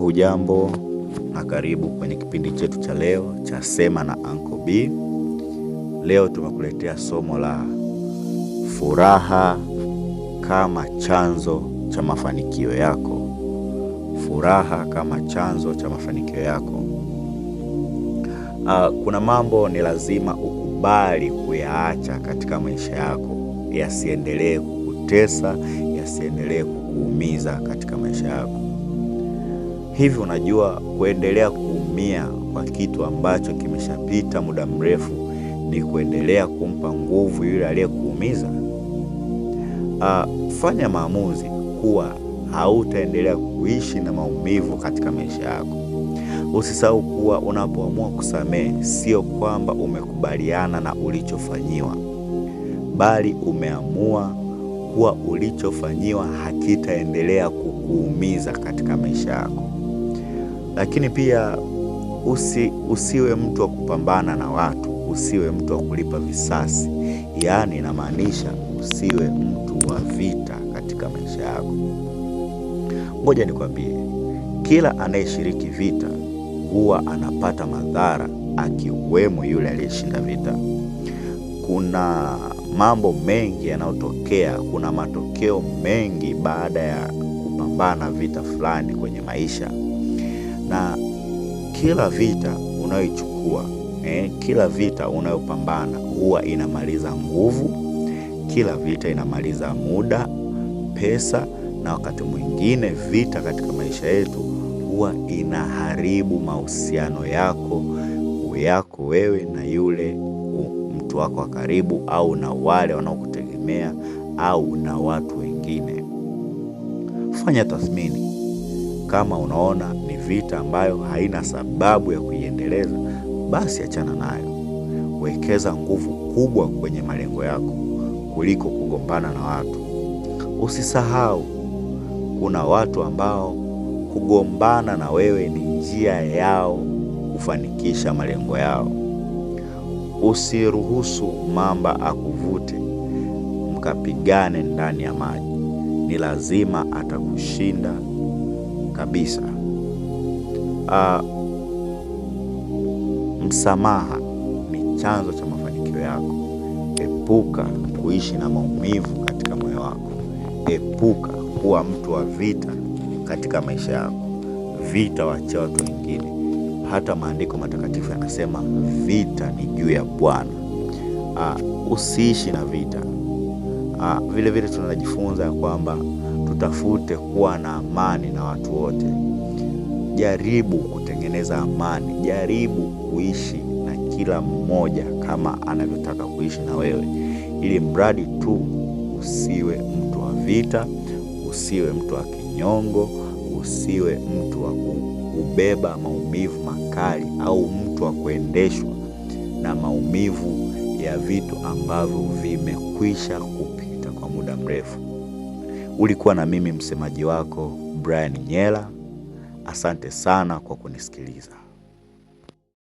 Hujambo na karibu kwenye kipindi chetu cha leo cha Sema na Uncle B. Leo tumekuletea somo la furaha kama chanzo cha mafanikio yako. Furaha kama chanzo cha mafanikio yako. Uh, kuna mambo ni lazima ukubali kuyaacha katika maisha yako, yasiendelee kukutesa, yasiendelee kukuumiza katika maisha yako. Hivi unajua, kuendelea kuumia kwa kitu ambacho kimeshapita muda mrefu ni kuendelea kumpa nguvu yule aliyekuumiza. Uh, fanya maamuzi kuwa hautaendelea kuishi na maumivu katika maisha yako. Usisahau kuwa unapoamua kusamehe, sio kwamba umekubaliana na ulichofanyiwa, bali umeamua kuwa ulichofanyiwa hakitaendelea kukuumiza katika maisha yako. Lakini pia usi, usiwe mtu wa kupambana na watu, usiwe mtu wa kulipa visasi, yaani inamaanisha usiwe mtu wa vita katika maisha yako. Ngoja nikwambie, kila anayeshiriki vita huwa anapata madhara, akiwemo yule aliyeshinda vita. Kuna mambo mengi yanayotokea, kuna matokeo mengi baada ya kupambana vita fulani kwenye maisha na kila vita unayoichukua eh, kila vita unayopambana huwa inamaliza nguvu, kila vita inamaliza muda, pesa, na wakati mwingine vita katika maisha yetu huwa inaharibu mahusiano yako yako wewe na yule mtu wako wa karibu, au na wale wanaokutegemea au na watu wengine. Fanya tathmini kama unaona vita ambayo haina sababu ya kuiendeleza, basi achana nayo. Wekeza nguvu kubwa kwenye malengo yako kuliko kugombana na watu. Usisahau, kuna watu ambao kugombana na wewe ni njia yao kufanikisha malengo yao. Usiruhusu mamba akuvute mkapigane ndani ya maji, ni lazima atakushinda kabisa uh, msamaha ni chanzo cha mafanikio yako. Epuka kuishi na maumivu katika moyo wako. Epuka kuwa mtu wa vita katika maisha yako. Vita wachia watu wengine. Hata maandiko matakatifu yanasema vita ni juu ya Bwana. Uh, usiishi na vita. Uh, vile vile tunajifunza ya kwamba tutafute kuwa na amani na watu wote. Jaribu kutengeneza amani, jaribu kuishi na kila mmoja kama anavyotaka kuishi na wewe, ili mradi tu usiwe mtu wa vita, usiwe mtu wa kinyongo, usiwe mtu wa kubeba maumivu makali au mtu wa kuendeshwa na maumivu ya vitu ambavyo vimekwisha kupita kwa muda mrefu. Ulikuwa na mimi msemaji wako Brian Nyela. Asante sana kwa kunisikiliza.